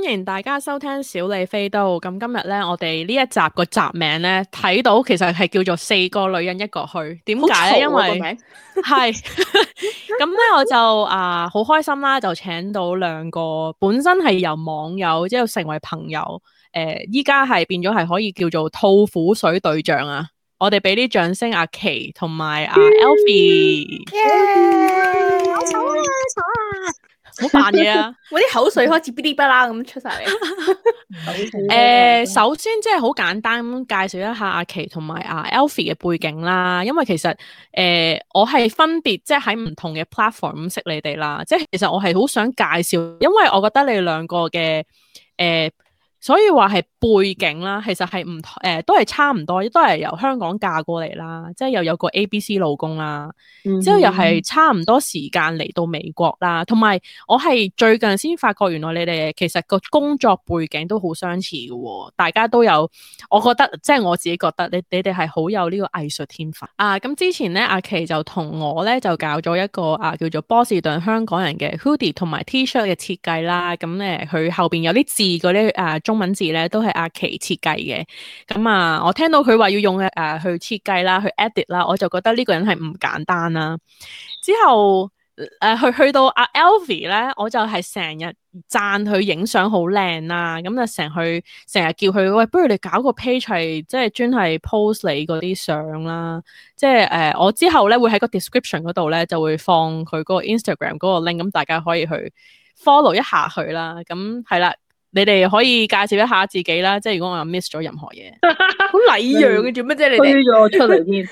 歡迎大家收聽小李飛刀。咁今日咧，我哋呢一集個集名咧，睇到其實係叫做「四個女人一個墟」。點解咧？因為係咁咧，我就啊好、呃、開心啦，就請到兩個本身係由網友即係成為朋友，誒、呃，依家係變咗係可以叫做吐苦水對象啊。我哋俾啲掌聲、啊啊，阿琪同埋阿 Alfy。好彩啊！好扮嘢啊！我啲 口水開始嗶哩啪啦咁出晒嚟。誒、 呃，首先即係好簡單咁介紹一下阿琪同埋阿 Alfie 嘅背景啦。因為其實誒、呃，我係分別即係喺唔同嘅 platform 識你哋啦。即係其實我係好想介紹，因為我覺得你兩個嘅誒。呃所以話係背景啦，其實係唔誒都係差唔多，都係由香港嫁過嚟啦，即係又有個 ABC 老公啦，嗯、哼之後又係差唔多時間嚟到美國啦。同埋我係最近先發覺，原來你哋其實個工作背景都好相似嘅、哦，大家都有。我覺得即係、嗯、我自己覺得，你你哋係好有呢個藝術天分啊。咁、嗯、之前咧，阿琪就同我咧就搞咗一個啊叫做波士頓香港人嘅 hoodie 同埋 T-shirt 嘅設計啦。咁咧佢後邊有啲字嗰啲啊。中文字咧都係阿奇設計嘅，咁、嗯、啊，我聽到佢話要用誒、呃、去設計啦，去 edit 啦，我就覺得呢個人係唔簡單啦。之後誒、呃、去去到阿 Alvy 咧，我就係成日讚佢影相好靚啦，咁就成去成日叫佢喂，不如你搞個 page 係即係專係 post 你嗰啲相啦，即係誒我之後咧會喺個 description 嗰度咧就會放佢嗰個 Instagram 嗰個 link，咁、嗯、大家可以去 follow 一下佢啦，咁、嗯、係、嗯、啦。你哋可以介紹一下自己啦，即係如果我又 miss 咗任何嘢，好禮讓嘅做乜啫？你哋，退咗我出嚟添。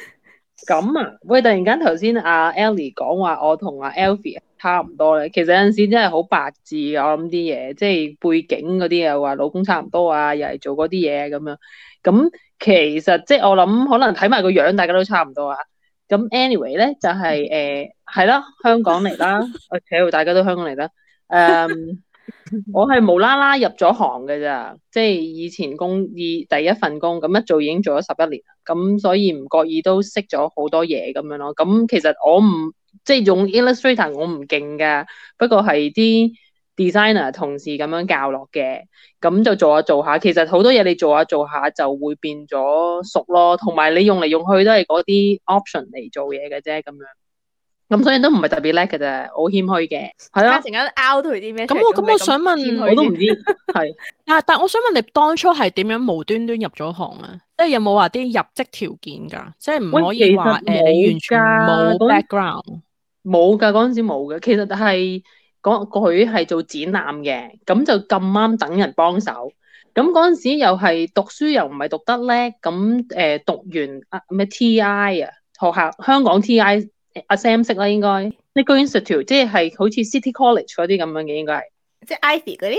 咁啊，喂！突然間頭先阿 Ellie 講話我同阿 Alphie 差唔多咧，其實有陣時真係好白字，我諗啲嘢，即係背景嗰啲又話老公差唔多啊，又係做嗰啲嘢咁樣。咁其實即係我諗，可能睇埋個樣，大家都差唔多啊。咁 Anyway 咧，就係、是、誒，係、呃、啦，香港嚟啦，而且、 okay，大家都香港嚟啦，誒、嗯。 我係無啦啦入咗行嘅咋，即係以前工以第一份工咁一做已經做咗十一年，咁所以唔覺意都識咗好多嘢咁樣咯。咁其實我唔，即係用 Illustrator，我唔勁噶，不過係啲 designer 同事咁樣教落嘅，咁就做下做下。其實好多嘢你做下做下就會變咗熟咯，同埋你用嚟用去都係嗰啲 option 嚟做嘢嘅啫，咁樣。咁所以都唔係特別叻嘅啫，好謙虛嘅係啊，成日 out 佢啲咩？咁我咁我想問，我都唔知係。 但係我想問你當初係點樣無端端入咗行啊？即係 有冇話啲入職條件噶？即係唔可以話誒，你完全冇 background 冇噶嗰陣時冇嘅。其實係佢係做展覽嘅，咁就咁啱等人幫手。咁嗰陣時又係讀書又唔係讀得叻，咁誒、呃、讀完啊咩 T I 啊學校香港 T I。阿 Sam 識啦，應該，呢個 institute 即係好似 City College 嗰啲咁樣嘅，應該係，即係 Ivy 嗰啲，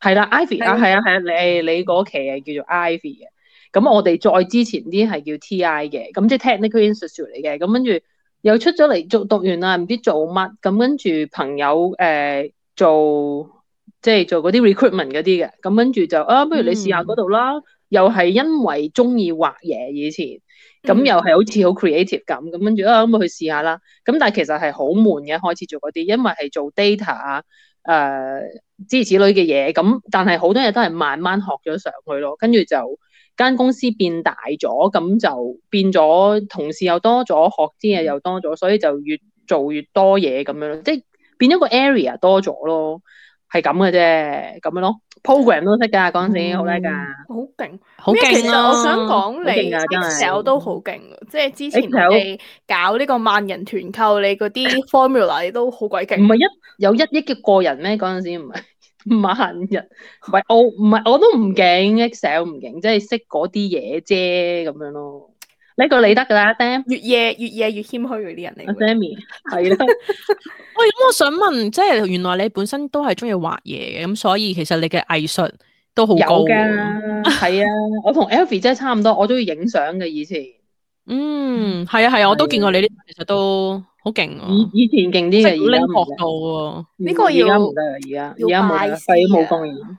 係啦 Ivy 啊，係啊係啊，你你嗰期係叫做 Ivy 嘅，咁我哋再之前啲係叫 TI 嘅，咁即係 Technical Institute 嚟嘅，咁跟住又出咗嚟做讀完啦，唔知做乜，咁跟住朋友誒、呃、做即係做嗰啲 recruitment 嗰啲嘅，咁跟住就啊，不如你試下嗰度啦，嗯、又係因為中意畫嘢以前。咁、嗯、又係好似好 creative 咁，咁跟住啊咁、嗯、去試下啦。咁但係其實係好悶嘅，開始做嗰啲，因為係做 data 啊、呃，誒之類嘅嘢。咁但係好多嘢都係慢慢學咗上去咯。跟住就間公司變大咗，咁就變咗同事又多咗，學啲嘢又多咗，所以就越做越多嘢咁樣咯，即係變咗個 area 多咗咯。係咁嘅啫，咁樣咯。program 都識噶，嗰陣時好叻噶，好勁，好勁啊！其實我想講你 Excel 都好勁，即係之前你搞呢個萬人團購，你嗰啲 formula 都好鬼勁。唔係一有，一億嘅個人咩？嗰陣時唔係萬人，唔係我唔係我都唔勁 Excel 唔勁，即係識嗰啲嘢啫，咁樣咯。呢個你得噶啦 d a 越夜越夜越謙虛嗰啲人嚟、 嗯。Dammy 係啦，喂，咁我想問，即係原來你本身都係中意畫嘢嘅，咁所以其實你嘅藝術都好高。有噶，係啊，我同 Alvy 真係差唔多，我都中意影相嘅以前。嗯，係啊，係啊，我都見過你啲，其實都好勁，啊。以以前以，這個，以要要勁啲，即係拎角度。呢個而家唔得而家而家冇啦，廢都冇工而家。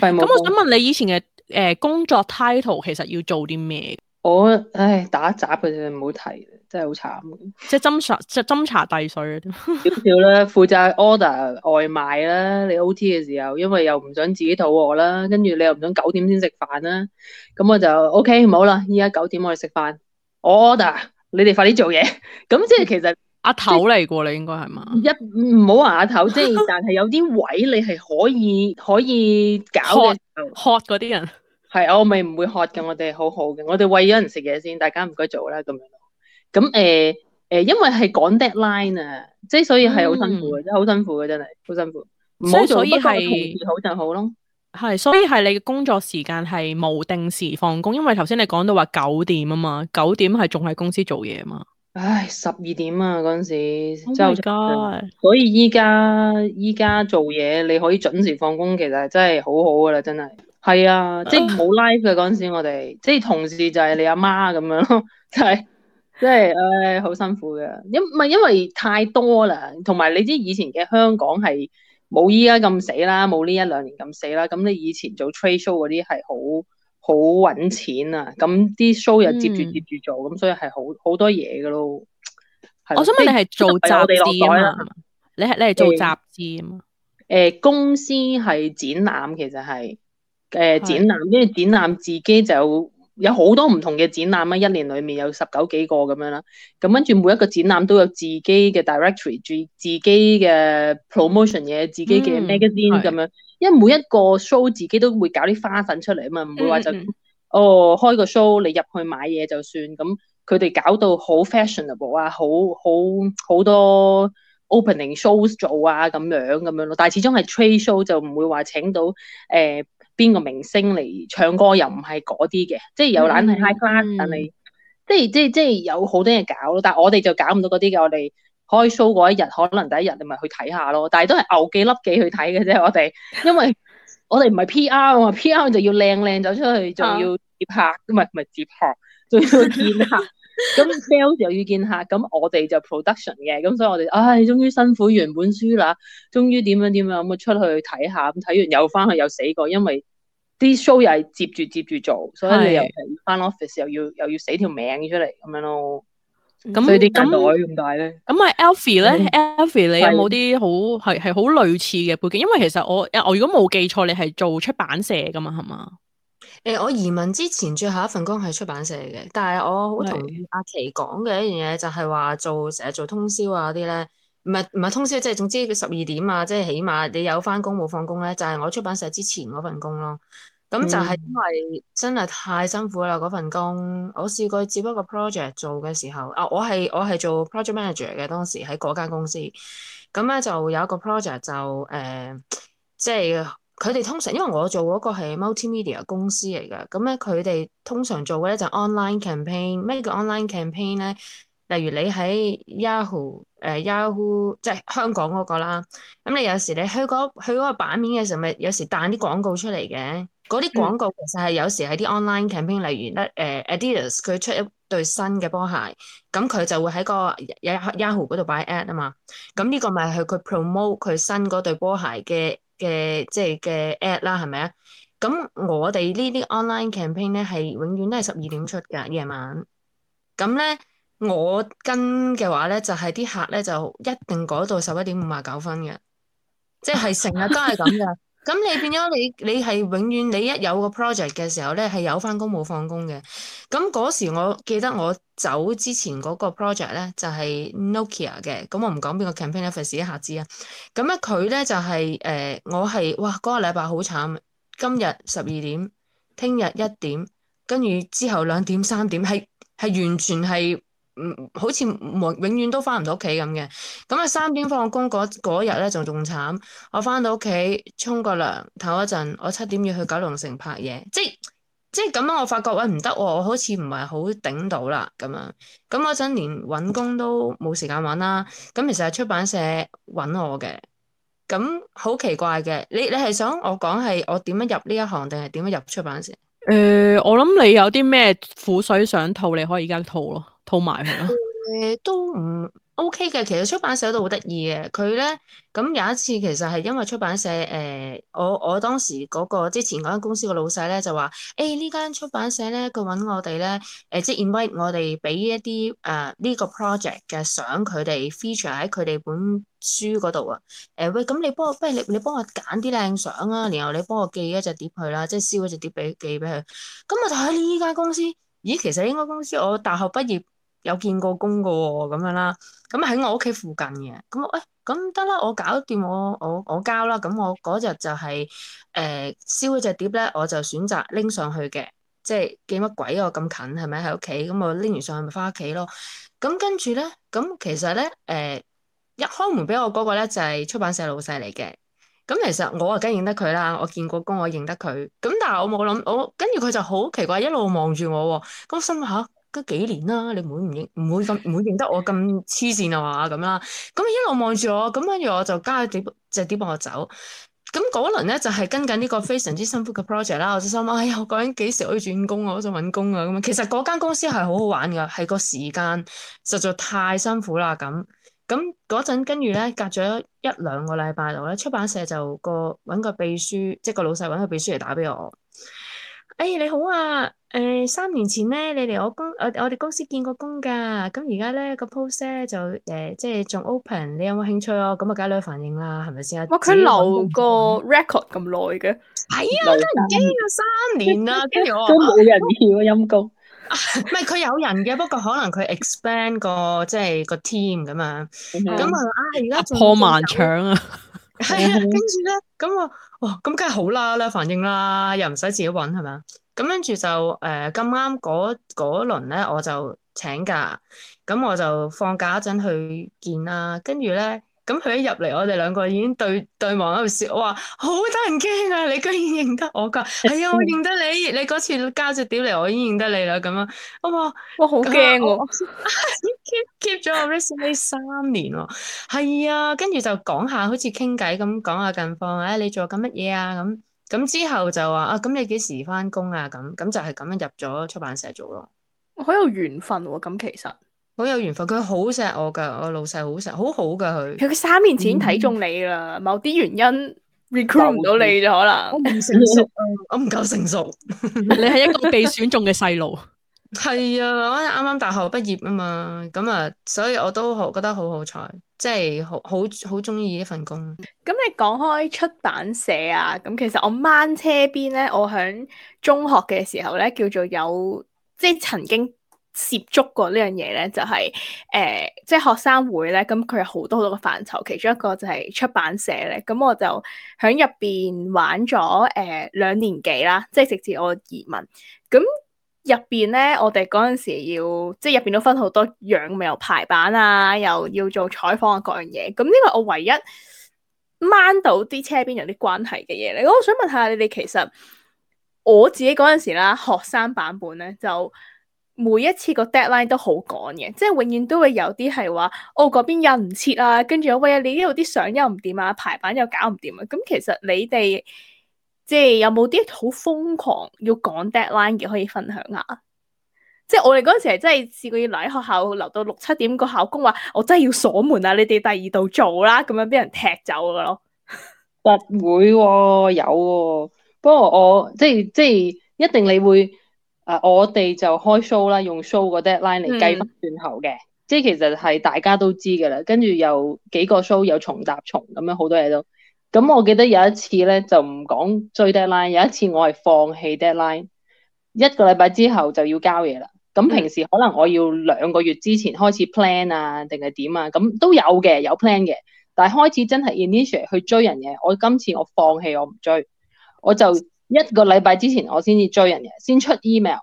咁我想問你以前嘅誒工作 title 其實要做啲咩？我唉打雜嘅就唔好提，真係好慘。即係斟茶，即係斟茶遞水。少少啦，負責 order 外賣啦。你 O T 嘅時候，因為又唔想自己肚餓啦，跟住你又唔想九點先食飯啦，咁、嗯、我就 O K，唔好啦。依家九點我哋食飯，order 你哋快啲做嘢。咁、 嗯、即係其實阿頭嚟過，就是、你應該係嘛？一唔好話阿頭，即係 但係有啲位你係可以可以搞嘅 hot 啲人。係、嗯、我咪唔會喝嘅，我哋好好嘅，我哋餵咗人食嘢先，大家唔該做啦咁樣咯。咁誒誒，因為係趕 deadline 啊，即係所以係好辛苦嘅、嗯，真係好辛苦嘅，真係好辛苦。嗯、所以所以係好就好咯。係所以係你嘅工作時間係冇定時放工，因為頭先你講到話九點啊嘛，九點係仲喺公司做嘢啊嘛。唉，十二點啊嗰陣時 Oh、my God！所以依家依家做嘢你可以準時放工，其實真係好好噶啦，真係。真係啊，即係冇 live 嘅嗰陣時我，我哋即係同事就係你阿媽咁樣咯，就係、是、即係，唉、呃，好辛苦嘅，因唔係因為太多啦，同埋你知以前嘅香港係冇依家咁死啦，冇呢一兩年咁死啦，咁你以前做 trade show 嗰啲係好好搵錢啊，咁啲 show 又接住接住做，咁、嗯、所以係好好多嘢噶咯。我想問你係做雜誌啊？你係你係做雜誌啊？嘛，誒、欸呃，公司係展覽，其實係。誒、呃、展覽，因為展覽自己就有好多唔同嘅展覽啊，一年裡面有十九幾個咁樣啦。咁跟住每一個展覽都有自己嘅 directory，自自己嘅 promotion 嘢，自己嘅 magazine 咁樣。嗯、因為每一個 show 自己都會搞啲花粉出嚟啊嘛，唔會話就、嗯、哦開個 show 你入去買嘢就算咁。佢哋搞到好 fashionable 啊，好好好多 opening shows 做啊咁樣咁樣咯。但係始終係 trade show 就唔會話請到誒。呃邊個明星嚟唱歌又唔係嗰啲嘅，即係有懶係 high class，但係即係即係即係有好多嘢搞咯，但係我哋就搞唔到嗰啲嘅。我哋開 show 嗰一日，可能第一日你咪去睇下咯，但係都係牛幾粒幾去睇嘅啫。我哋因為我哋唔係 P R 啊嘛，P R 就要靚靚走出去，仲要接拍，唔係唔係接拍，仲要見客。 咁 Bell 又要見客，咁、啊、我哋就 production 嘅，咁所以我哋唉，終、哎、於辛苦完本書啦，終於點樣點樣咁出去睇下，咁睇完又翻去又死過，因為啲 show 又係接住接住做，所以你又係翻 office 又要又要死條命出嚟咁樣咯。咁佢啲咁耐咁大咧。咁啊，Alfie 咧，Alfie 你有冇啲好係係好類似嘅背景？因為其實我我如果冇記錯，你係做出版社噶嘛，係嘛？誒、欸，我移民之前最後一份工係出版社嘅，但係我好同意阿琪講嘅一樣嘢，是就係話做成日做通宵啊啲咧，唔係唔係通宵，即、就、係、是、總之佢十二點啊，即、就、係、是、起碼你有返工冇放工咧，就係、是、我出版社之前嗰份工咯。咁就係因為真係太辛苦啦嗰份工，我試過接一個 project 做嘅時候，啊，我係我係做 project manager 嘅，當時喺嗰間公司，咁咧就有一個 project 就誒、呃，即係。佢哋通常，因為我做嗰個係 multimedia 公司嚟嘅，咁咧佢哋通常做嘅咧就 online campaign。咩叫 online campaign 咧？例如你喺、ah uh, Yahoo，誒 Yahoo 即係香港嗰個啦。咁你有時你去嗰、嗰個、去嗰個版面嘅時候，咪有時彈啲廣告出嚟嘅。嗰啲廣告其實係有時喺啲 online campaign，例如咧誒、uh, Adidas 佢出一對新嘅波鞋，咁佢就會喺個 Yahoo 嗰度擺 ad 啊嘛。咁呢個咪係佢 promote 佢新嗰對波鞋嘅。嘅即係嘅 at 啦，係咪啊？咁我哋呢啲 online campaign 咧，係永遠都係十二點出噶，夜晚。咁咧，我跟嘅話咧，就係、是、啲客咧就一定改到十一點五十九分嘅，即係成日都係咁噶。 咁你變咗，你你係永遠你一有個 project 嘅時候咧，係有翻工冇放工嘅。咁嗰時我記得我走之前嗰個 project 咧就係 Nokia 嘅，咁我唔講邊個 campaign office 一下知啊，咁啊佢咧就係誒、呃、我係哇嗰個禮拜好慘，今日十二點，聽日一點，跟住之後兩點、三點係係完全係。唔好似永永遠都翻唔到屋企咁嘅。咁啊，三點放工嗰日咧，仲仲慘。我翻到屋企沖個涼，唞一陣。我七點要去九龍城拍嘢，即係即係咁樣。我發覺喂，唔得，我好似唔係好頂到啦。咁樣咁嗰陣連搵工都冇時間搵啦。咁其實係出版社搵我嘅，咁好奇怪嘅。你你係想我講，係我點樣入呢一行，定係點樣入出版社？誒、呃，我諗你有啲咩苦水想吐，你可以而家吐咯。套埋係咯，誒、 呃、都唔 OK 嘅。其實出版社都好得意嘅。佢咧咁有一次，其實係因為出版社誒、呃，我我當時嗰、那個之前嗰間公司嘅老細咧就話：，誒、欸、呢間出版社咧，佢揾我哋咧，誒、呃、即係、就是、invite 我哋俾一啲誒呢個 project 嘅相，佢哋 feature 喺佢哋本書嗰度啊。誒、呃、喂，咁你幫我，不如你你幫我揀啲靚相啊，然後你幫我寄一隻碟佢啦，即係燒一隻碟俾寄俾佢。咁我就喺呢間公司，咦，其實應該公司我大學畢業。有見過工個喎，咁樣啦，咁喺我屋企附近嘅，咁誒咁得啦，我搞掂我我我交啦，咁我嗰日就係、是、誒、呃、燒嗰隻碟咧，我就選擇拎上去嘅，即係見乜鬼啊！我咁近係咪喺屋企？咁我拎完上去咪返屋企咯。咁跟住咧，咁其實咧誒、呃、一開門俾我嗰個咧就係、是、出版社老細嚟嘅。咁其實我啊梗係認得佢啦，我見過工我認得佢。咁但係我冇諗，我跟住佢就好奇怪一路望住我喎。咁我心嚇～、啊都幾年啦，你唔會唔認唔會咁唔會認得我咁黐線啊嘛咁啦，咁一路望住我，咁跟住我就加咗隻碟，碟幫我走，咁嗰輪咧就係跟緊呢個非常之辛苦嘅 project 啦，我就心哎呀，究竟幾時可以轉工啊，我想揾工啊咁。其實嗰間公司係好好玩㗎，係個時間實在太辛苦啦咁。咁嗰陣跟住咧，隔咗一兩個禮拜度咧，出版社就個揾個秘書，即係個老細揾個秘書嚟打俾我。哎，你好啊！誒，三年前咧，你嚟我公，我我哋公司見過工噶。咁而家咧個 post 咧就誒，即係仲 open，你有冇興趣啊？咁啊，梗係有反應啦，係咪先啊？哇！佢留個 record 咁耐嘅，係啊，真係唔驚啊，三年啦，跟住我都冇人要啊，陰公。唔係佢有人嘅，不過可能佢 expand 個即係個 team 噶嘛。咁啊，而家破萬牆啊！係啊，跟住咧，咁我，哇、哦，咁梗係好啦，咧，反正啦，又唔使自己揾，係咪啊？咁跟住就，誒、呃，咁啱嗰嗰輪咧，我就請假，咁我就放假一陣去見啦，跟住咧。咁佢一入嚟，我哋兩個已經對對望喺度笑。我話好得人驚啊！你居然認得我噶？係、哎、啊，我認得你。你嗰次交咗表嚟，我已經認得你啦。咁樣我話、啊、我好驚喎，keep keep 咗我 resume 三年喎。係 啊，跟住就講下，好似傾偈咁講下近況。哎，你做緊乜嘢啊？咁咁之後就話啊，咁你幾時翻工啊？咁咁就係咁樣入咗出版社做咯。好有緣分喎、啊！咁其實。好有緣分，佢好錫我噶，我老細好錫，好好噶佢。佢三年前睇中你啦，嗯、某啲原因 recruit 唔到你咗，可能我唔成熟 我唔夠成熟。 你係一個被選中嘅細路。係 啊，我啱啱大學畢業啊嘛，咁啊，所以我都好覺得好好彩，即係好好好中意呢份工。咁你講開出版社啊，咁其實我掹車邊咧，我喺中學嘅時候咧，叫做有即係曾經。涉足過呢樣嘢咧，就係、是、誒、呃，即係學生會咧。咁、嗯、佢有好多好多嘅範疇，其中一個就係出版社咧。咁、嗯、我就喺入邊玩咗誒、呃、兩年幾啦，即係直至我移民。咁入邊咧，我哋嗰陣時要，即係入邊都分好多樣，咪有排版啊，又要做採訪啊，各樣嘢。咁呢個我唯一掹到啲車邊有啲關係嘅嘢咧，我想問，問下你哋，其實我自己嗰陣時啦，學生版本咧就。每一次個 deadline 都好趕嘅，即係永遠都會有啲係話，哦，嗰邊印唔切啊，跟住我喂啊，你呢度啲相又唔掂啊，排版又搞唔掂啊。咁、嗯、其實你哋即係有冇啲好瘋狂要趕 deadline 嘅可以分享下？即係我哋嗰陣時係真係試過要留喺學校留到六七點，個校工話我真係要鎖門啊，你哋第二度做啦，咁樣俾人踢走㗎咯。唔會喎、哦，有喎、哦，不過我即係即係一定你會。啊！我哋就開 show 啦，用 show 個 deadline 嚟計轉頭嘅，嗯、即係其實係大家都知嘅啦。跟住又幾個 show 有重搭重咁樣好多嘢都。咁我記得有一次咧，就唔講追 deadline。有一次我係放棄 deadline，一個禮拜之後就要交嘢啦。咁平時可能我要兩個月之前開始 plan 啊，定係點啊？咁都有嘅，有 plan 嘅。但係開始真係 initiate 去追人嘅。我今次我放棄，我唔追，我就。一個禮拜之前我先至追人嘅，先出 email。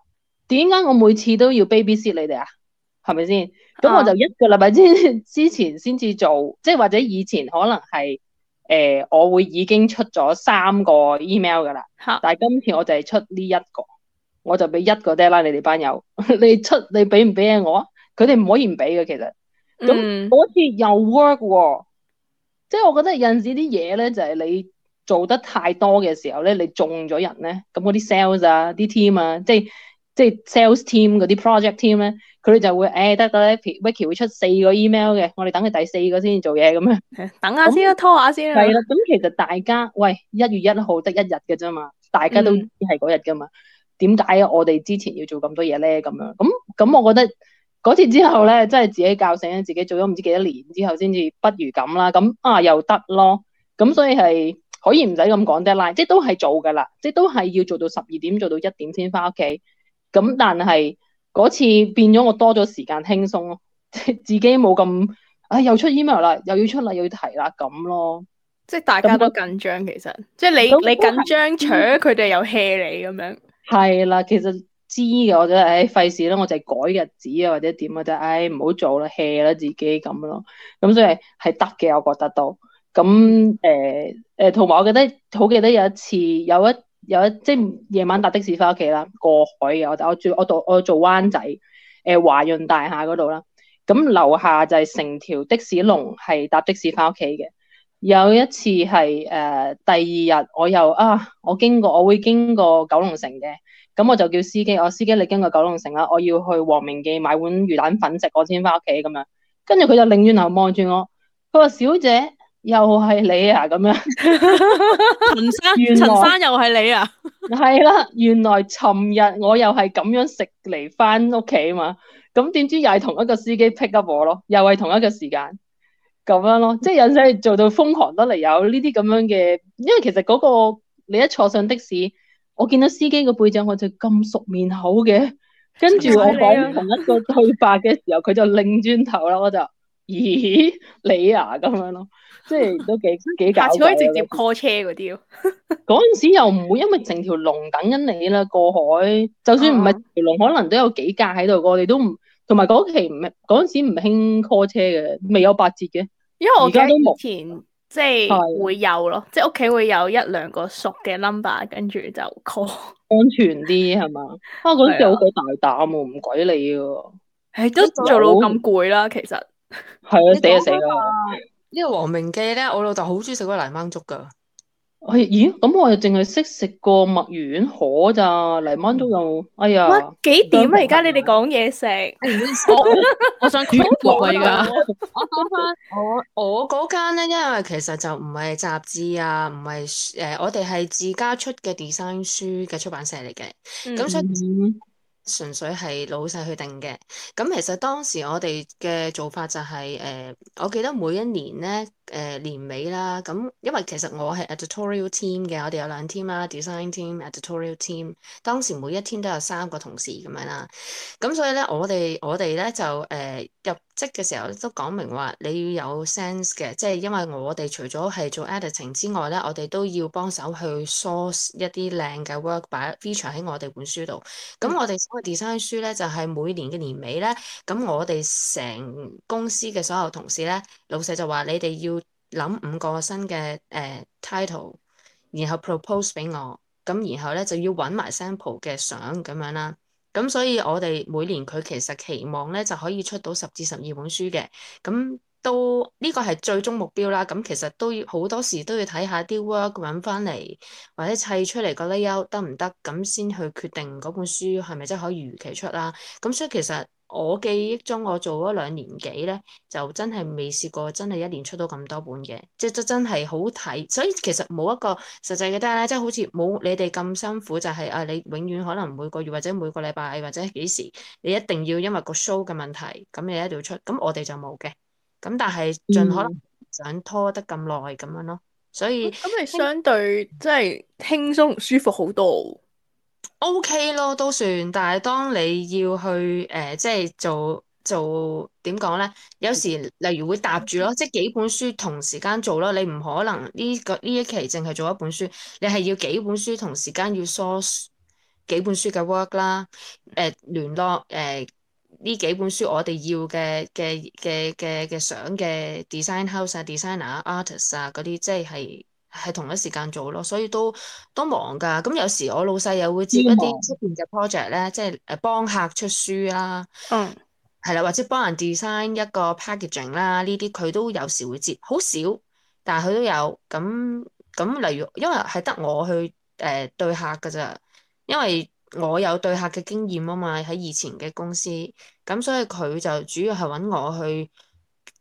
點解我每次都要 babysit 你哋啊？係咪先？咁我就一個禮拜之之前先至做，即係、啊、或者以前可能係誒、呃、我會已經出咗三個 email 噶啦。啊、但係今次我就係出呢一個，我就俾一個 deadline 你哋班友， 你出你俾唔俾啊我？佢哋唔可以唔俾嘅其實。咁好似又 work 喎、哦，即係我覺得有陣時啲嘢咧就係、是、你。做得太多嘅時候咧，你中咗人咧，咁嗰啲 sales 啊，啲 team 啊，即係即係 sales team 嗰啲 project team 咧，佢哋就會誒得咗咧，Vicky 會出四個 email 嘅，我哋等佢第四個先做嘢咁樣，等下先啦，拖下先啦。係啦，咁其實大家喂一月一號得一日嘅啫嘛，大家都係嗰日嘅嘛，點解、嗯、我哋之前要做咁多嘢咧？咁樣咁咁，嗯、我覺得嗰次之後咧，真係自己教醒自己，做咗唔知幾多年之後先至不如咁啦。咁啊又得咯，咁所以係。可以唔使咁講 deadline，即係都係做㗎啦，即係都係要做到十二點，做到一點先翻屋企。咁但係嗰次變咗，我多咗時間輕鬆咯，即係自己冇咁，唉、哎、又出 email 啦，又要出嚟，又要提啦，咁咯。即係大家都緊張，其實即係你你緊張，除佢哋又 hea 你咁樣。係啦，其實知嘅我覺得唉，費事啦，我就係、哎、改日子啊，或者點啊，就唉唔好做啦，hea 啦自己咁咯。咁所以係得嘅，我覺得都。咁誒誒，同埋、嗯嗯、我記得好記得有一次有一，有一有一即係夜晚搭的士翻屋企啦，過海嘅我，但我住我度我，我住灣仔誒、呃、華潤大廈嗰度啦。咁、嗯、樓下就係成條的士龍係搭的士翻屋企嘅。有一次係誒、呃、第二日，我又啊，我經過我會經過九龍城嘅，咁、嗯、我就叫司機，我，司機你經過九龍城啦，我要去黃明記買碗魚蛋粉食，我先翻屋企咁樣。跟住佢就擰轉頭望住我，佢話小姐。又係你啊，咁樣陳 生，陳生又係你啊，係 啦，原來尋日我又係咁樣食嚟翻屋企啊嘛，咁點知又係同一個司機 pick up 我咯，又係同一個時間，咁樣咯，即係有陣做到瘋狂得嚟有呢啲咁樣嘅，因為其實嗰、嗰個你一坐上的士，我見到司機個背脊我就咁熟面口嘅，跟住我講、啊、同一個對白嘅時候，佢就擰轉頭啦，我就。咦，你啊咁樣咯，即係都幾幾搞笑。下次可以直接 call 車嗰啲，嗰 陣時又唔會，因為成條龍等緊你啦過海。就算唔係條龍，可能都有幾架喺度，我哋都唔同埋嗰期唔係嗰陣時唔興 call 車嘅，未有八折嘅。因為我而家都目前即係會有咯，是即係屋企會有一兩個熟嘅 number，跟住就 call，安全啲係嘛。我嗰、 啊、時好夠大膽喎，唔鬼你嘅。唉，都做到咁攰啦，其實。係啊，對死啊死啊！呢個黃明記咧，我老豆好中意食個泥鯭粥噶。係，咦？咁我淨係識食過墨魚丸、河咋泥鯭粥又，哎呀！幾點啊？而家你哋講嘢食？我想講 我我我嗰間咧，因為其實就唔係雜誌啊，唔係誒，我哋係自家出嘅 design 書嘅出版社嚟嘅，咁、嗯、所以。嗯.純粹係老細去定嘅，咁其實當時我哋嘅做法就係，誒，我記得每一年咧。誒、呃、年尾啦，咁、嗯、因為其實我係 editorial team 嘅，我哋有兩 te 啦 team 啦，design team、editorial team。當時每一天每一 team 都有三個同事咁樣啦，咁、嗯嗯、所以咧，我哋我哋咧就誒、呃、入職嘅時候都講明話你要有 sense 嘅，即、就、係、是、因為我哋除咗係做 editing 之外咧，我哋都要幫手去 source 一啲靚嘅 work 擺 feature 喺我哋本書度。咁、嗯嗯、我哋所謂 design 書咧就係、是、每年嘅年尾咧，咁我哋成公司嘅所有同事咧，老細就話你哋要。諗五個新嘅誒、呃、title，然後 propose 俾我，咁然後咧就要揾埋 sample 嘅相咁樣啦。咁所以我哋每年佢其實期望咧就可以出到十至十二本書嘅，咁都呢、這個係最終目標啦。咁其實都要好多時都要睇下啲 work 揾翻嚟，或者砌出嚟個 layout 得唔得，咁先去決定嗰本書係咪真係可以如期出啦。咁所以其實～我記憶中，我做咗兩年幾咧，就真係未試過真係一年出到咁多本嘅，即係真係好睇。所以其實冇一個實際嘅，但係即係好似冇你哋咁辛苦，就係啊你永遠可能每個月或者每個禮拜或者幾時，你一定要因為個 show 嘅問題，咁你一定要出。咁我哋就冇嘅。咁但係盡可能想拖得咁耐咁樣咯。所以咁你相對即係輕鬆舒服好多。OK 咯，都算。但係當你要去誒、呃，即係做做點講咧？有時例如會搭住咯，即係幾本書同時間做咯。你唔可能呢、這個呢一期淨係做一本書，你係要幾本書同時間要 source 幾本書嘅 work 啦、呃。誒，聯絡誒呢幾本書我哋要嘅嘅嘅嘅嘅相嘅 design house 啊，designer artist 啊嗰啲、啊，即係。係同一時間做咯，所以都都忙㗎。咁有時我老細又會接一啲出邊嘅 project 咧，忙即係誒幫客出書啦、啊，係啦、嗯，或者幫人 design 一個 packaging 啦、啊，呢啲佢都有時會接，好少，但係佢都有。咁咁，例如因為係得我去誒、呃、對客㗎咋，因為我有對客嘅經驗啊嘛，喺以前嘅公司。咁所以佢就主要係搵我去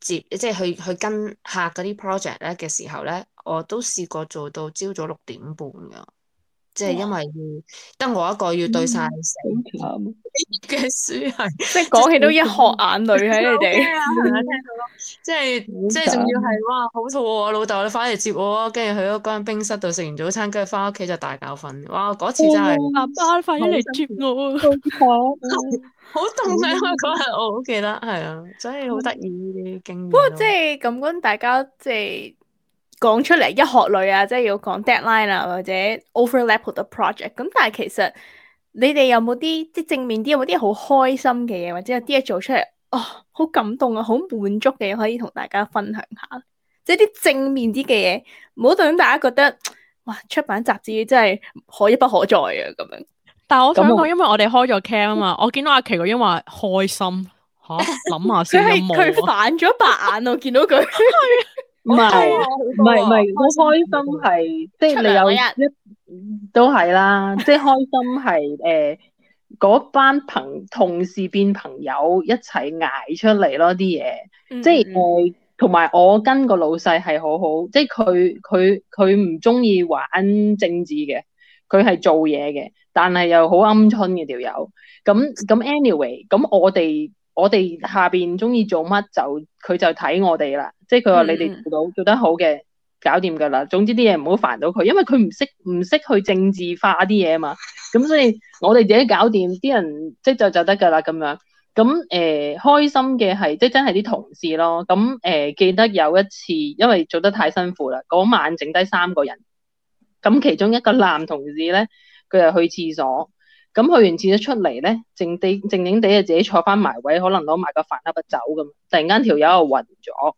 接，即係去去，去跟客嗰啲 project 咧嘅時候咧。我都試過做到朝早六點半㗎，即係因為要得我一個要對曬成嘅書係哇，即係講起都一學眼淚喺你哋。即係即係仲要係哇，好肚餓、嗯、啊！老豆你翻嚟接我，跟住去咗間冰室度食完早餐，跟住翻屋企就大覺瞓。哇！嗰次真係阿爸快啲嚟接我，好好凍啊！嗰日我好記得係啊，所以好得意呢啲經驗。不過即係咁樣，大家即係。講出嚟一學類啊，即係要講 deadline 啊，或者 overlap to the project 咁。但係其實你哋有冇啲即係正面啲，有冇啲好開心嘅嘢，或者有啲嘢做出嚟，哦，好感動啊，好滿足嘅嘢可以同大家分享下，即係啲正面啲嘅嘢，唔好等大家覺得哇，出版雜誌真係可一不可再啊咁樣。但係我想講，那我 因為我哋開咗 cam 啊嘛， 我見到阿琪佢因為開心吓諗、啊、下先，佢反咗白眼我見到佢。 唔係唔係唔係，我、啊、是惜開心係、嗯、即係你有一都係啦， 即係開心係誒，嗰、呃、班朋同事變朋友一齊捱出嚟咯啲嘢，嗯、即係我同埋我跟個老細係好好，即係佢佢佢唔中意玩政治嘅，佢係做嘢嘅，但係又好鵪鶉嘅條友，咁咁 anyway，咁我哋。我哋下邊中意做乜就佢就睇我哋啦，即係佢話你哋做到，嗯、做得好嘅，搞掂噶啦。總之啲嘢唔好煩到佢，因為佢唔識唔識去政治化啲嘢啊嘛。咁所以我哋自己搞掂，啲人即就就得噶啦咁樣。咁誒、呃、開心嘅係即真係啲同事咯。咁誒、呃、記得有一次，因為做得太辛苦啦，嗰晚剩低三個人，咁其中一個男同事咧，佢就去廁所。咁去完廁所出嚟咧，靜地靜靜，靜靜地啊，自己坐翻埋位，可能攞埋個飯粒走咁。突然間條友又暈咗，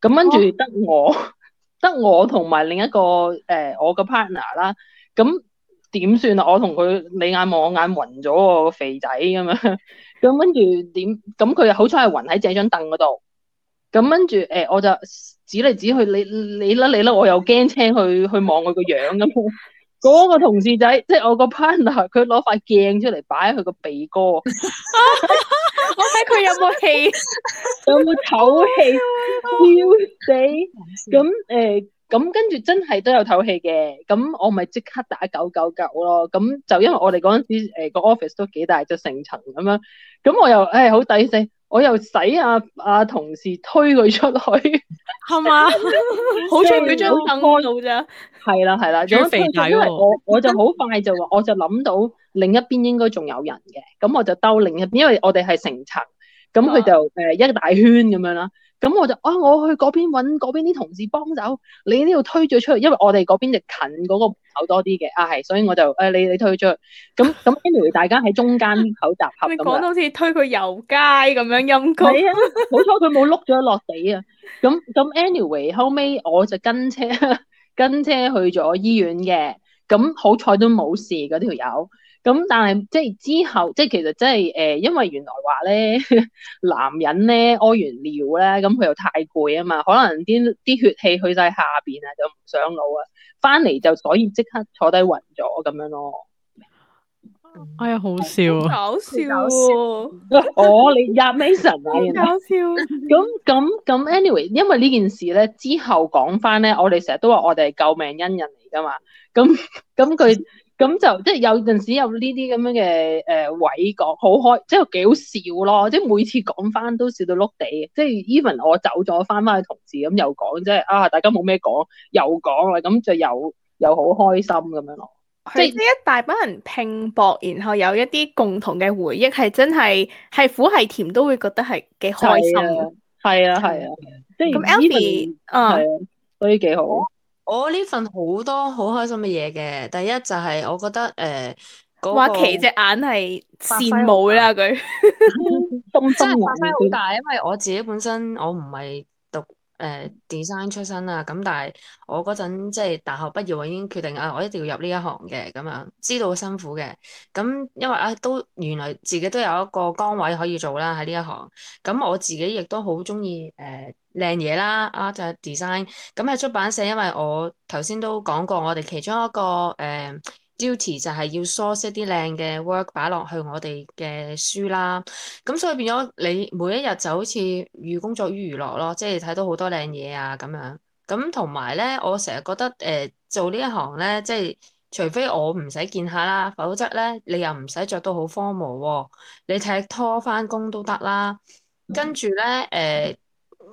咁跟住得我，得我同埋另一個誒我個 partner 啦。咁點算啊？我同佢你眼望我眼，暈咗個肥仔咁樣。咁跟住點？咁佢又好彩係暈喺正張凳嗰度。咁跟住誒，我就指嚟指去，你你甩你甩，我又驚青佢去望佢個樣咁。哦 嗰個同事仔，即係我個 partner，佢攞塊鏡出嚟擺喺佢個鼻哥， 我睇佢有冇氣， 有冇透氣，笑死！咁、呃、誒，咁跟住真係都有透氣嘅，咁我咪即刻打九九九咯。咁就因為我哋嗰陣時誒個 office 都幾大，即成層咁樣，咁我又誒，好抵死。哎我又使阿阿同事推佢出去，係嘛？好彩佢張凳開到啫，係啦，係啦，張肥因喎。我我就好快就話，我就諗到另一邊應該仲有人嘅，咁我就兜另一邊，因為我哋係成層，咁佢就誒、啊呃、一大圈咁樣啦，咁我就啊我去嗰邊搵嗰邊啲同事幫手，你呢度推咗出去，因為我哋嗰邊就近嗰、嗰個。跑多啲嘅啊係，所以我就誒、啊、你你退咗，咁咁 anyway 大家喺中間口集合，咁你講到好似推佢遊街咁樣陰功係啊，好彩佢冇碌咗落地啊。咁咁 anyway 後尾我就跟車 跟車去咗醫院嘅。咁好彩都冇事嗰條友。那個咁、嗯、但係即係之後，即係其實真係誒，因為原來話咧，男人咧屙完尿咧，咁佢又太攰啊嘛，可能啲啲血氣去晒下邊啊，就唔上腦啊，翻嚟，就所以即刻坐低暈咗咁樣咯。哎呀，好笑，啊，搞笑我、啊、 哦，你 animation 搞笑。咁咁咁，anyway，因為呢件事咧，之後講翻咧，我哋成日都話我哋係救命恩人嚟噶嘛。咁咁佢。咁就即係有陣時有呢啲咁樣嘅誒位講，好開，即係幾好笑咯。即係每次講翻都笑到碌地，即係 even 我走咗，翻翻去同事咁又講，即係啊大家冇咩講，又講啦，咁就又又好開心咁樣咯。即係呢一大班人拼搏，然後有一啲共同嘅回憶是是，係真係係苦係甜都會覺得係幾開心。係啊係啊，咁 even 啊，啊，啊,、嗯、啊，所以幾好。我呢份好多好開心嘅嘢嘅，第一就係我覺得誒，哇、呃，那個、其隻眼係羨慕啦佢、啊，真係發揮好大，因為我自己本身我唔係。誒、uh, design 出身啦、啊，咁但係我嗰陣即係大學畢業，我已經決定啊，我一定要入呢一行嘅咁樣，知道辛苦嘅。咁、嗯、因為啊，都原來自己都有一個崗位可以做啦喺呢一行。咁、嗯、我自己亦都好鍾意誒靚嘢啦，啊就係 design。咁、啊、喺、嗯嗯、出版社，因為我頭先都講過，我哋其中一個誒。啊 Duty 就係要 source 啲靚嘅 work 擺落去我哋嘅書啦，咁所以變咗你每一日就好似寓工作於娛樂咯，即係睇到好多靚嘢啊咁樣，咁同埋咧，我成日覺得誒、呃、做呢一行咧，即係除非我唔使見客啦，否則咧你又唔使着到好 formal 喎，你踢拖返工都得啦，跟住咧誒。呃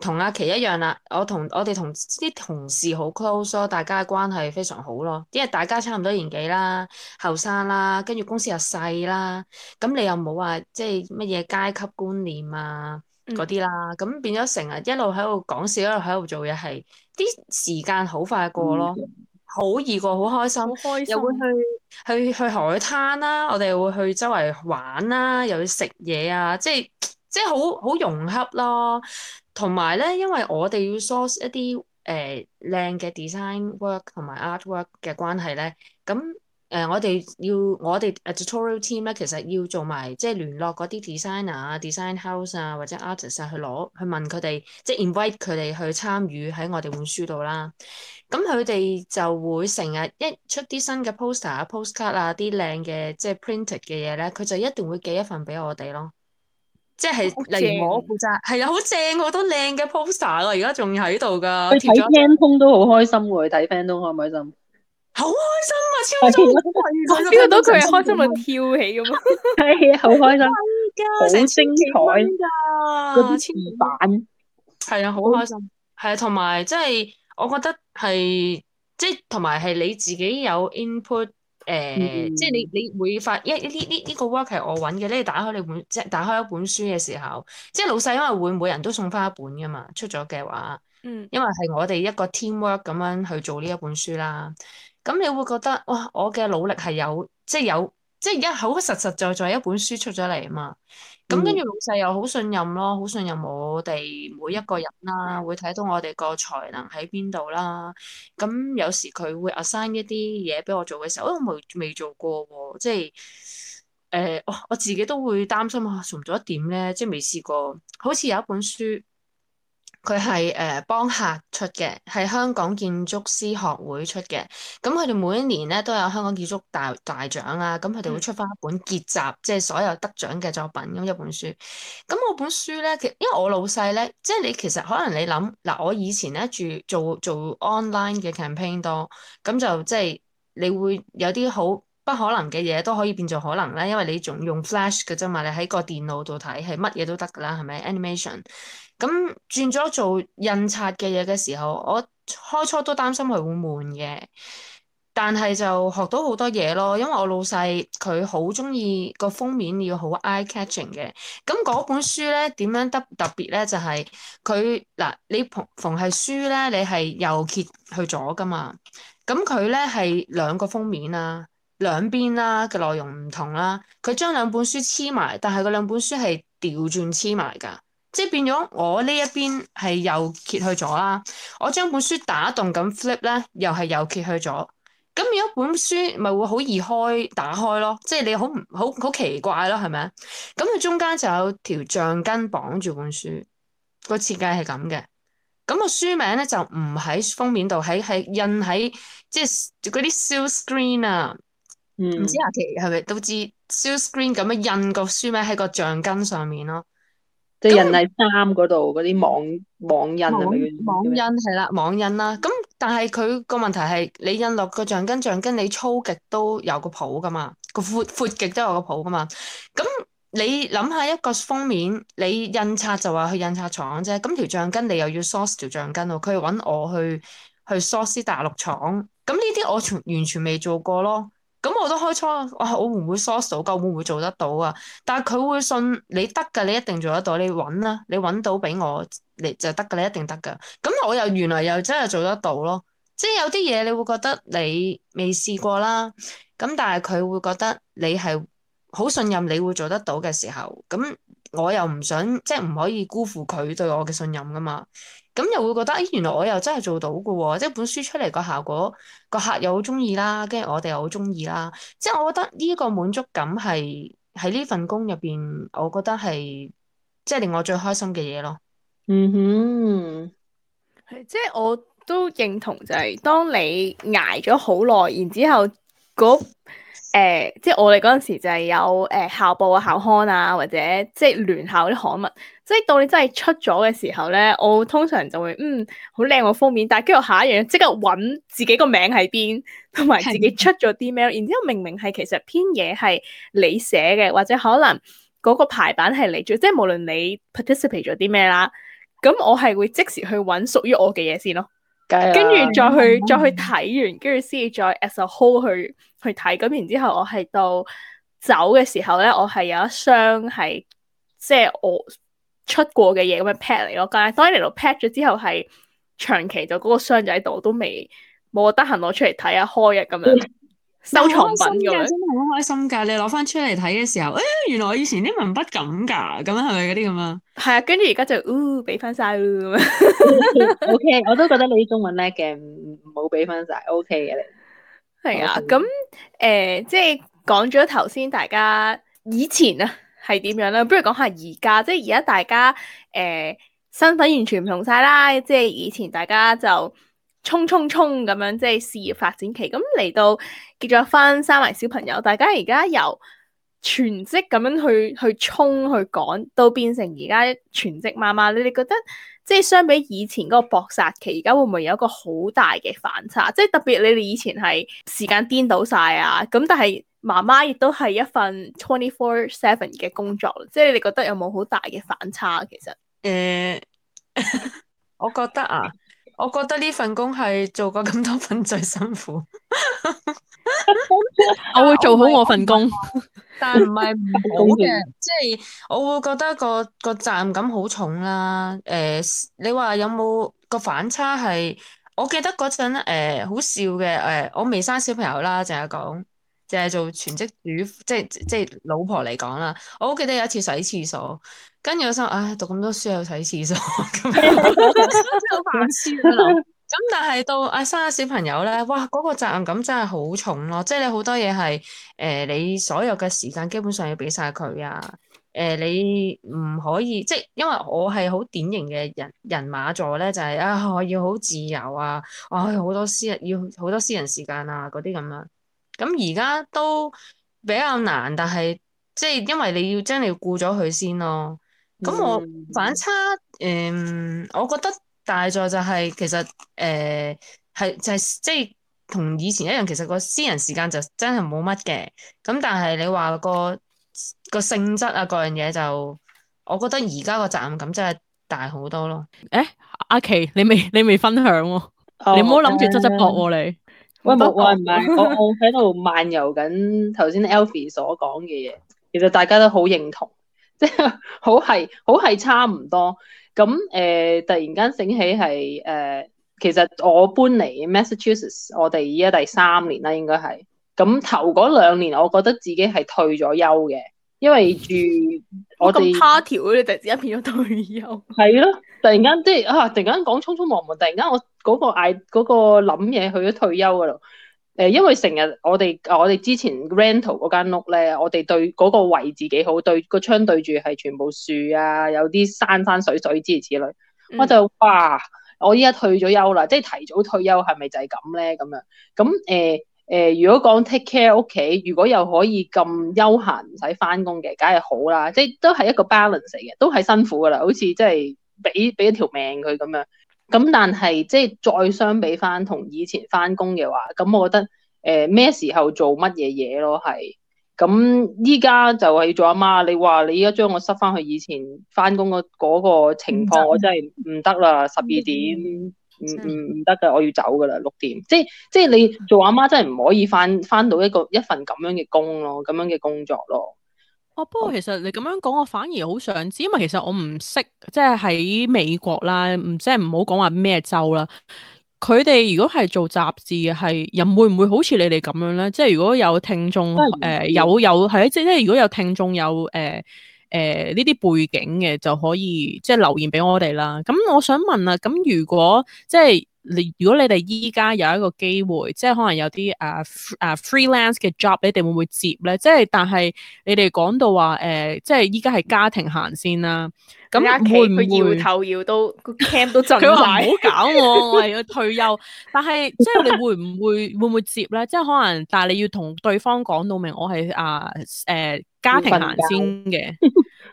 同阿琪一樣啦，我同我哋同啲同事好 close 咯，大家關係非常好咯，因為大家差唔多年紀啦，後生啦，跟住公司又細啦，咁你又冇話，即係乜嘢階級觀念啊嗰啲啦，咁、嗯、變咗成日一路喺度講笑，一路喺度做嘢，係啲時間好快過咯，好、嗯、易過，好開心，好開心又會去去去海灘啦，我哋會去周圍玩啦，又要食嘢啊，即係即係好好融洽咯。同埋咧，因為我哋要 source 一啲誒靚、呃、嘅 design work 同埋 artwork 嘅關係咧，咁誒、呃、我哋要我哋 tutorial team 咧，其實要做埋即係聯絡嗰啲 designer 啊、design house 啊或者 artist 啊去攞去問佢哋，即係 invite 佢哋去參與喺我哋本書度啦。咁佢哋就會成日一出啲新嘅 poster post 啊、postcard 啊、啲靚嘅即係 print 嘅嘢咧，佢就一定會寄一份俾我哋咯。即係例如我負責，係啊，好正好多靚嘅 poster 啊，而家仲喺度噶。佢睇 fan 通都好開心喎，睇 fan 通開唔開心？好開心啊，超中！我見到佢係開心到跳起咁。係啊，好開心，好精彩啊！嗰啲簽板係啊，好開心。係啊，同埋即係我覺得係即係同埋係你自己有 input。誒，嗯、即係你你會發因為呢呢呢個 work 係我揾嘅，你打開你本即係打開一本書嘅時候，即係老細因為會每人都送翻一本噶嘛，出咗嘅話，嗯、因為係我哋一個 teamwork 咁樣去做呢一本書啦，咁你會覺得哇，我嘅努力係有即係、即係、有即係而家好實實在在在一本書出咗嚟啊嘛～咁、嗯、跟住老細又好信任咯，好信任我哋每一個人、啊、啦，會睇到我哋個才能喺邊度啦。咁、嗯、有時佢會 assign 一啲嘢俾我做嘅時候，哎、我未未做過喎、哦，即係誒，我、呃哦、我自己都會擔心啊，做唔做得點咧？即係未試過，好似有一本書。佢係誒幫客出嘅，係香港建築師學會出嘅。咁佢哋每一年咧都有香港建築大大獎啊。咁佢哋會出翻一本結集，即係所有得獎嘅作品咁一本書。咁我本書咧，其實因為我老細咧，即係你其實可能你諗嗱，我以前咧住做做 online 嘅 campaign 多，咁就即係你會有啲好不可能嘅嘢都可以變做可能咧，因為你仲用 flash 嘅啫嘛，你喺個電腦度睇係乜嘢都得㗎啦，係咪 animation？咁轉咗做印刷嘅嘢嘅時候，我開初都擔心佢會悶嘅，但係就學到好多嘢咯。因為我老細佢好中意個封面要好 eye catching 嘅。咁嗰本書咧點樣得特別咧？就係佢嗱，你逢逢係書咧，你係右揭去咗㗎嘛。咁佢咧係兩個封面啦，兩邊啦嘅內容唔同啦。佢將兩本書黐埋，但係嗰兩本書係調轉黐埋㗎。即係變咗，我呢一邊係又揭去咗啦。我將本書打動咁 flip 咧，又係又揭去咗。咁有一本書咪會好易開打開咯，即係你好唔好好奇怪咯，係咪啊？咁佢中間就有條橡筋綁住本書，個設計係咁嘅。咁、那個書名咧就唔喺封面度，喺喺印喺即係嗰啲 soft screen 啊，唔、嗯、知阿奇係咪都知 silk screen 咁樣印個書名喺個橡筋上面咯。即那人係衫嗰度嗰啲網網印啊，咪叫網印？網印係啦，網印啦。咁但係佢個問題係你印落個橡筋，橡筋你粗極都有個譜㗎嘛，個闊闊極都有個譜㗎嘛。咁你諗下一個封面，你印刷就話去印刷廠啫。咁條橡筋你又要 source 條橡筋哦，佢揾我去去 source 大陸廠。咁呢啲我全完全未做過咯。咁我都開初，我唔會 source 到？我會唔會，會，會做得到啊？但係佢會信你得㗎，你一定做得到。你揾啦，你揾到俾我，你就得㗎，你一定得㗎。咁我又原來又真係做得到咯。即係有啲嘢你會覺得你未試過啦，咁但係佢會覺得你係好信任，你會做得到嘅時候，咁我又唔想即係唔可以辜負佢對我嘅信任㗎嘛。咁又會覺得，咦？原來我又真係做到嘅喎，哦！即係本書出嚟個效果，個客又好中意啦，跟住我哋又好中意啦。即係我覺得呢個滿足感係喺呢份工入邊，我覺得係即係令我最開心嘅嘢咯。嗯哼，係即係我都認同，就係當你捱咗好耐，然之後嗰。誒、呃，即係我哋嗰陣時就係有誒、呃、校報啊、校刊啊，或者即係聯校啲刊物。即係到你真係出咗嘅時候咧，我通常就會嗯，好靚個封面，但係跟住下一樣即刻揾自己個名喺邊，同埋自己出咗啲咩。然之後明明係其實編嘢係你寫嘅，或者可能嗰個排版係你做，即係無論你 participate 咗啲咩啦，咁我係會即時去揾屬於我嘅嘢先咯。跟住再去再去睇完，跟住先至再 as a whole 去去睇。咁然之後我係到走嘅時候咧，我係有一箱係即係我出過嘅嘢咁樣 pack 嚟咯。但係當喺嚟到 pack 咗之後，係長期就嗰個箱仔度，我都未冇得閒攞出嚟睇啊，開啊咁樣。嗯收藏品真樣，好開心噶！心 你攞翻出嚟睇嘅時候，誒、哎，原來我以前啲文筆咁噶，咁樣係咪嗰啲咁啊？係啊，跟住而家就，嗚、哦，俾翻晒 OK，我都覺得你啲中文叻嘅，唔好俾翻晒，O K 嘅你。係、okay、Okay. 啊，咁誒、呃，即係講咗頭先，大家以前啊係點樣啦？不如講下而家，即係而家大家誒身份完全唔同晒啦。即係以前大家就。沖沖沖咁樣，即係事業發展期。咁嚟到結咗婚，生埋小朋友，大家而家由全職咁樣去去沖去趕，都變成而家全職媽媽，你哋覺得即係相比以前嗰個搏殺期，而家會唔會有一個好大嘅反差？即係特別你哋以前係時間顛倒晒啊！咁但係媽媽亦都係一份 twenty four seven 嘅工作，即係你哋覺得有冇好大嘅反差？其實誒，我覺得啊。我覺得呢份工係做過咁多份最辛苦 我會做好我份工 但不、不，但唔係唔好嘅，即係我會覺得個個責任感好重啦、啊。誒、呃，你話有冇個反差係？我記得嗰陣誒好笑嘅，誒、呃、我未生小朋友啦，淨係講。就係做全職主，即係即係老婆嚟講啦。我好記得有一次洗，洗、哎、有洗廁所，跟 住我心，唉，讀咁多書去洗廁所，咁樣真係好煩先啦。咁但係到阿生咗小朋友咧，哇，嗰、那個責任感真係好重咯。即係你好多嘢係誒，你所有嘅時間基本上要俾晒佢啊。誒、呃，你唔可以即係因為我係好典型嘅人人馬座咧，就係、是、啊，我要好自由啊，我要好多私人要好多私人時間啊嗰啲咁樣。咁而家都比較難，但係即係因為你要將你要顧咗佢先咯。咁、嗯、我反差，誒、嗯，我覺得大咗就係、是、其實誒係、呃、就係、是、即係同以前一樣，其實個私人時間就真係冇乜嘅。咁但係你話、那個、那個性質啊，各樣嘢就我覺得而家個責任感真係大好多咯。誒、欸，阿琪，你未你未分享喎、啊？Oh，你唔好諗住質質搏喎你。Uh 喂，唔係，我我喺度漫遊緊頭先，Elfi 所講嘅嘢，其實大家都好認同，即係好係好係差唔多。咁誒，突然間醒起係誒，其實我搬嚟 Massachusetts，我哋依家第三年啦，應該係。咁頭嗰兩年，我覺得自己係退咗休嘅。因為住我哋咁趴條，你突然之間變咗退休？係咯， 突然間即係啊，突然間講匆匆忙忙，突然間我嗰個嗌，嗰個諗嘢去咗退休嗰度。誒、呃，因為成日我哋，啊、我哋之前 rental 嗰間屋咧，我哋對嗰個位置幾好，對個窗對住係全部樹啊，有啲山山水水諸如此類。我就，嗯，哇，我依家退咗休啦，即係提早退休是是是，係咪就係咁咧？咁樣咁誒。嗯呃誒、呃，如果講 take care 屋企，如果又可以咁休閒唔使返工嘅，梗係好啦，即係都係一個 balance 嚟嘅，都係辛苦噶啦，好似即係俾俾一條命佢咁樣。咁但係即係再相比返同以前返工嘅話，咁我覺得誒咩、呃、時候做乜嘢嘢咯？係咁依家就係做阿媽，媽，你話你依家將我塞返去以前返工個嗰個情況，我真係唔得啦！十二點。唔唔唔得噶，我要走噶啦，六點。即即係你做阿媽真係唔可以返返到一個一份咁樣嘅工咯，咁樣嘅工作咯。哦，不過其實你咁樣講，我反而好想知，因為其實我唔識，即係喺美國啦，唔即係唔好講話咩州啦。佢哋如果係做雜誌，係又會唔會好似你哋咁樣咧？即係如果有聽眾，誒係、呃、有有係即即係如果有聽眾有誒，呃。誒呢啲背景嘅就可以即係留言俾我哋啦。咁我想問啊，咁如果即係。你如果你哋依家有一個機會，即係可能有啲啊啊、uh, freelance、uh, free 嘅 job，你哋會唔會接咧？即係但係你哋講到話誒、呃，即係依家係家庭行先啦、啊。咁家會唔會搖頭搖到個 camp 都震，佢話唔好搞我，我係要退休。 但係即係你會唔會 會唔會接咧？即係可能，但係你要同對方講到明，我係啊誒家庭行先嘅，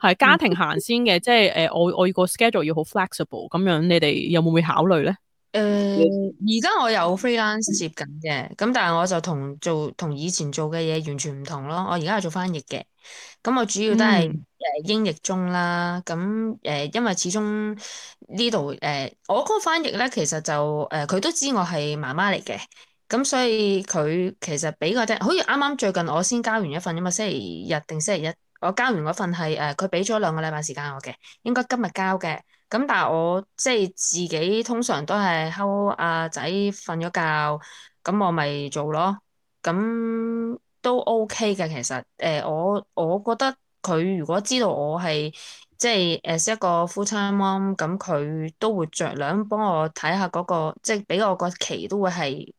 係家庭行先嘅。即係誒我我要個 schedule 要好 flexible 咁樣，你哋有冇會考慮咧？誒，而家、uh, 我有 freelance 接緊嘅，咁、嗯、但係我就同做同以前做嘅嘢完全唔同咯。我而家係做翻譯嘅，咁我主要都係誒英譯中啦。咁誒、嗯，因為始終呢度誒，我嗰個翻譯咧，其實就誒，佢、呃、都知我係媽媽嚟嘅，咁所以佢其實俾我聽，好似啱啱最近我先交完一份啫嘛，星期日定星期一，我交完嗰份係誒，佢俾咗兩個禮拜時間我嘅，應該今日交嘅。咁但係我即係自己通常都係睺阿仔瞓咗覺，咁我咪做咯。咁都 OK 嘅其實，誒、呃、我我覺得佢如果知道我係即係誒一個 full time，咁，佢都會着量幫我睇下嗰、那個，即係俾我個期都會係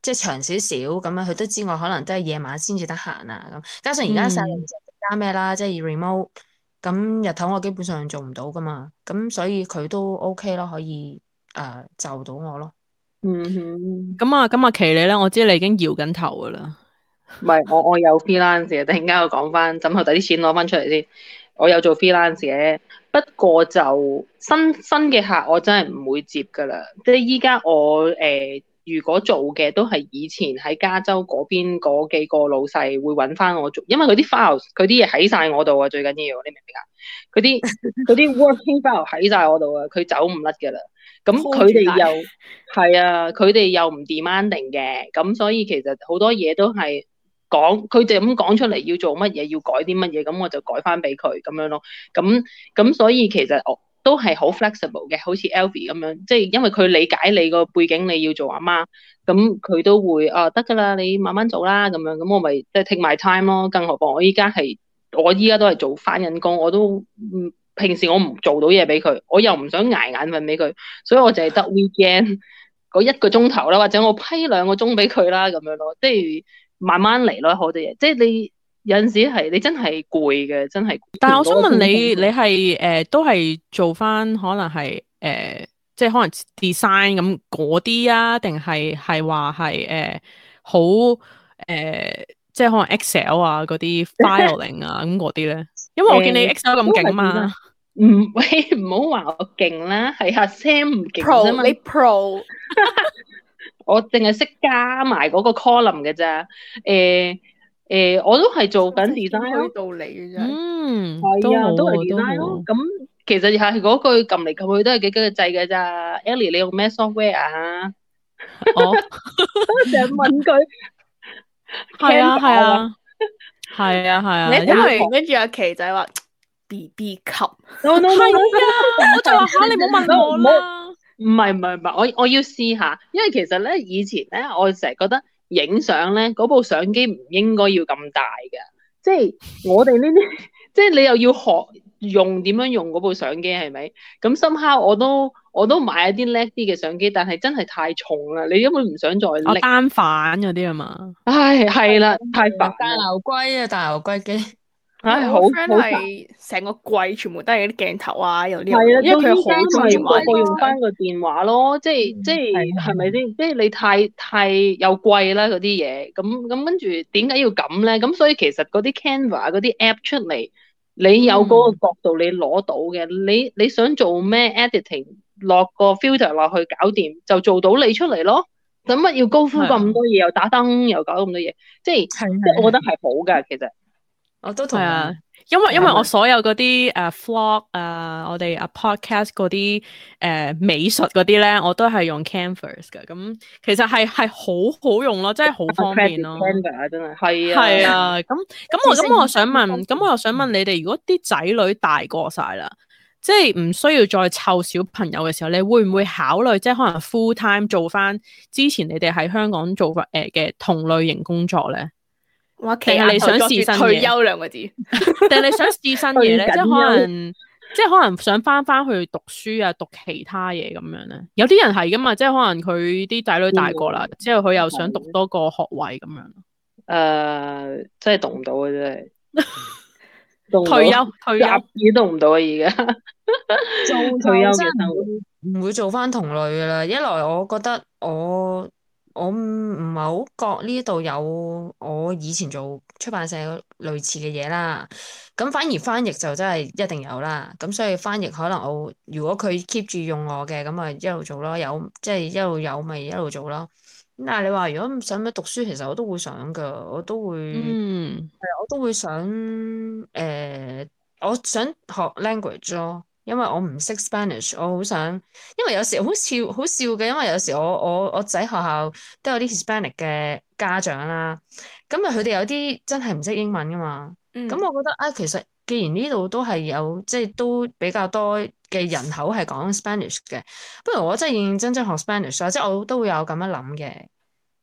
即係長少少咁樣。佢都知我可能都係夜晚先至得閒啊。咁加上而家細路仔加咩啦，即係要 remote。咁日頭我基本上做唔到噶嘛，咁所以佢都 OK 咯，可以誒、呃、就到我咯。嗯哼，咁啊，咁啊，奇你咧，我知你已經搖緊頭噶啦。唔係， 我我有 freelance，嘅，突然間我講翻，咁我第啲錢攞翻出嚟先。我有做 freelance 嘅，不過就新新嘅客我真係唔會接噶啦。即係依家我誒。呃如果做嘅都係以前喺加州嗰邊嗰幾個老細會揾翻我做，因為佢啲 file 佢啲嘢喺晒我度啊，最緊要你明唔明啊？佢啲啲 working file 喺晒我度啊，佢走唔甩噶啦。咁佢哋又係啊，佢哋又唔 demanding 嘅，咁所以其實好多嘢都係講，佢哋咁講出嚟要做乜嘢，要改啲乜嘢，咁我就改翻俾佢咁樣咯。咁咁所以其實我。都係好 flexible 嘅，好似 Alvy 咁樣，即係因為佢理解你個背景，你要做阿媽，咁佢都會啊得㗎啦，你慢慢做啦咁樣，咁我咪即係 take my time 咯。更何況我依家係，我依家都係做翻緊工，我都平時我唔做到嘢俾佢，我又唔想捱眼瞓俾佢，所以我就係得 weekend 嗰一個鐘頭啦，或者我批兩個鐘俾佢啦咁樣咯，即係慢慢嚟咯好多嘢，即係你。有陣時係你真係攰嘅，真係。但係我想問你，嗯、你係誒、呃、都係做翻可能係誒，即、呃、係、就是、可能 design 咁嗰啲啊，定係係話係誒好誒，即、呃、係、就是、可能 Excel 啊嗰啲 filing 啊咁嗰啲咧？因為我見你 Excel 咁勁啊嘛。唔喂，唔好話我勁啦，係阿 Sam 唔勁啊嘛，pro, 你 Pro。 我淨係識加埋嗰個 column 嘅咋。誒、呃。誒、欸，我都係做緊 design 到嚟嘅啫，嗯，係啊，都係 design 咯。咁、啊、其實係嗰句撳嚟撳去都係幾幾個掣嘅咋？Ellie，你用咩 software 啊？我成日問佢，係啊係啊，係啊係啊。你打完跟住阿琪仔話 B B 級，係啊，我就話吓你，唔好問我啦。唔係唔係唔係，我我要試下，因為其實咧以前咧，我成日覺得，影相咧，嗰部相機唔應該要咁大㗎，即係我哋呢啲， 即係你又要學用點樣用嗰部相機，係咪？咁深刻我都我都買一啲叻啲嘅相機，但係真係太重啦，你根本唔想再拎。單反嗰啲啊嘛，唉係啦，太笨。大牛龜啊，大牛龜機。唉，好，成個櫃全部都係啲鏡頭啊，有啲，係啊對，因為佢好專業，用翻個電話咯，嗯、即係是即係係咪啲？即係你太太有貴啦嗰啲嘢，咁咁跟住點解要咁咧？咁所以其實嗰啲 Canva 嗰啲 app 出嚟，你有嗰個角度你攞到嘅，嗯、你你想做咩 editing，落個 filter 落去搞掂，就做到你出嚟咯。咁乜要高呼咁多嘢是，又打燈又搞咁多嘢，即係係，我覺得係好噶，其實。我都同啊，因為是是因為我所有嗰啲誒 vlog 啊、uh,，我哋啊 podcast 嗰啲誒美術嗰啲咧，我都係用 Canva 㗎，咁其實係係好好用咯，真係好方便咯，啊啊啊。真係係啊，係啊。咁咁我咁我想問，咁、嗯、我又想問你哋，如果啲仔女大過晒啦，即係唔需要再湊小朋友嘅時候，你會唔會考慮即係可能 full time 做翻之前你哋喺香港做誒嘅同類型工作咧？其實你想試新嘅退休兩個字，定係 你想試新嘢咧？即係可能，即係可能想翻翻去讀書啊，讀其他嘢咁樣咧。有啲人係噶嘛，即係可能佢啲仔女大個啦，嗯、之後佢又想讀多個學位咁樣。誒、呃，真係讀唔到嘅，真係 退休退休而讀唔到啊！而家做退休唔會做翻同類噶啦。一來我覺得我。我唔係好覺呢度有我以前做出版社類似嘅嘢啦，咁反而翻譯就真係一定有啦。咁所以翻譯可能我如果佢 keep 住用我嘅，咁咪一路做咯。有即係、就是、一路有咪一路做咯。咁但係你話如果唔想咩讀書，其實我都會想㗎，我都會係啊、嗯，我都會想誒、呃，我想學 language 咯。因為我唔識 Spanish，我好想，因為有時好笑好笑嘅，因為有時我我我仔學校都有啲 Hispanic 嘅家長啦，咁啊佢哋有啲真係唔識英文㗎嘛，咁、嗯、我覺得啊、哎、其實既然呢度都係有即係都比較多嘅人口係講 Spanish 嘅，不如我真係認認真真學 Spanish 啊，即係我都會有咁樣諗嘅，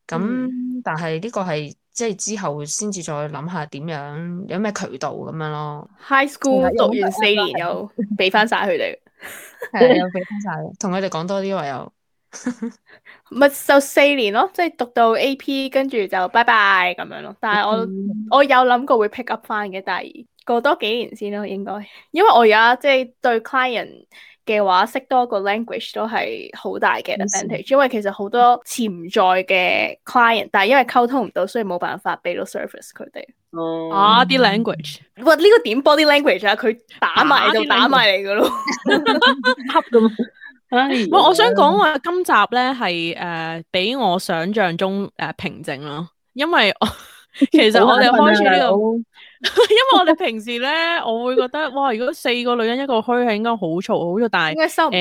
咁、嗯、但係呢個係。即係之後先至再諗下點樣，有咩渠道咁樣咯。High school、嗯、讀完四年又俾翻晒佢哋，係啊， 俾翻曬。同佢哋講多啲話又，咪 就四年咯，即、就、係、是、讀到 AP 跟住就拜拜 e 咁樣咯。但係我、嗯、我有諗過會 pick up 翻嘅，但係過多幾年先咯，應該，因為我而家即係對 client。嘅話，識多個 language 都係好大嘅 advantage，因為其實好多潛在嘅 client，但係因為溝通唔到，所以冇辦法俾到 service 佢哋。哦啊啲 language，哇！呢、呢個點幫啲 language 啊？佢打埋就打埋嚟噶咯，恰㗎嘛？我想講話今集咧係誒比我想象中誒、呃、平靜咯，因為 其實我哋開始呢度。 因為我哋平時咧， 我會覺得哇，如果四個女人一個墟係應該好嘈，好嘈，但係誒，唔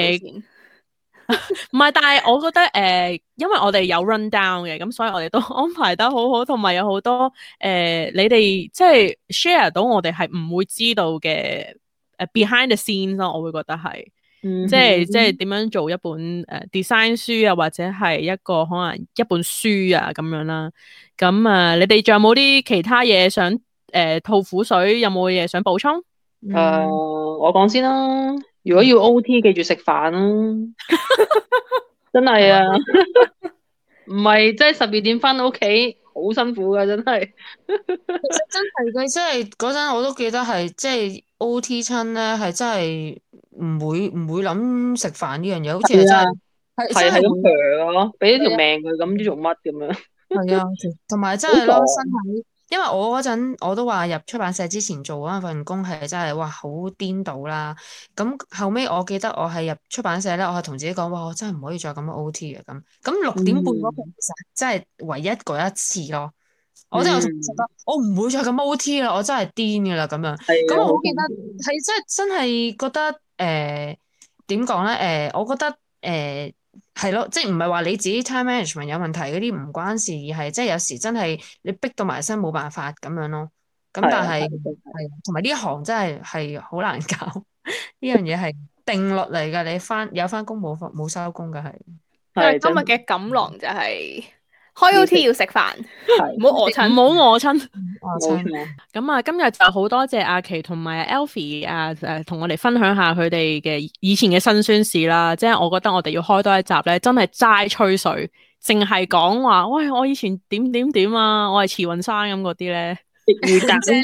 係、 呃， 但係我覺得誒、呃，因為我哋有 run down 嘅，咁所以我哋都安排得好好，同埋有好多誒、呃，你哋即係 share 到我哋係唔會知道嘅誒，behind the scenes 咯，我會覺得係，即係即係點樣做一本誒 design 書啊，或者係一個可能一本書啊咁樣啦，咁啊、呃，你哋仲有冇啲其他嘢想？誒，吐苦、欸、水有冇嘢想補充？誒、嗯，uh, 我講先啦，如果要 O T，記住食飯啦，真係 啊，唔係，即係十二點翻到屋企，好辛苦噶，真係，真係嘅，真係嗰陣我都記得係，即係 O T 親咧，係真係唔會唔會諗食飯呢樣嘢，好似係真係係咁強咯，俾咗條命佢咁，唔知做乜咁樣，係啊，同埋真係咯，身體。因為我嗰陣我都話入出版社之前做嗰份工係真係哇好顛倒啦，咁後尾我記得我係入出版社咧，我係同自己講哇，我真係唔可以再咁 OT 嘅，咁，咁六點半嗰個其實真係唯一嗰一次咯，嗯、我真係覺得我唔會再咁 OT 啦，我真係顛噶啦咁樣，咁的我好記得係真係真係覺得誒點講咧誒，我覺得誒。呃係咯，即係唔係話你自己 time management 有問題嗰啲唔關事，而係即係有時真係你逼到埋身冇辦法咁樣咯。咁但係係同埋呢行真係係好難搞，呢樣嘢係定律嚟噶。你翻有翻工冇冇收工噶係，即係今日嘅錦囊就係、是。開 O T 要食飯，唔好餓親，唔好餓親，餓親。咁啊，今日就好多謝阿琪同埋 Alfie 啊，誒、啊，同我哋分享下佢哋嘅以前嘅辛酸事啦。即係我覺得我哋要開多一集咧，真係齋吹水，淨係講話喂，我以前點點點啊，我係慈雲山咁嗰啲咧。預測啫，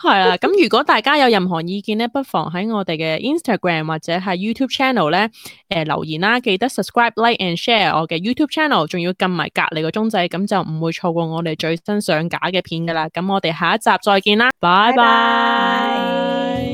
係啦。咁如果大家有任何意見咧，不妨喺我哋嘅 Instagram 或者係 YouTube Channel 咧，誒、呃、留言啦、啊。記得 Subscribe、Like and Share 我嘅 YouTube Channel，仲要撳埋隔籬個鐘仔，咁就唔會錯過我哋最新上架嘅片噶啦。咁我哋下一集再見啦，拜拜 bye。Bye bye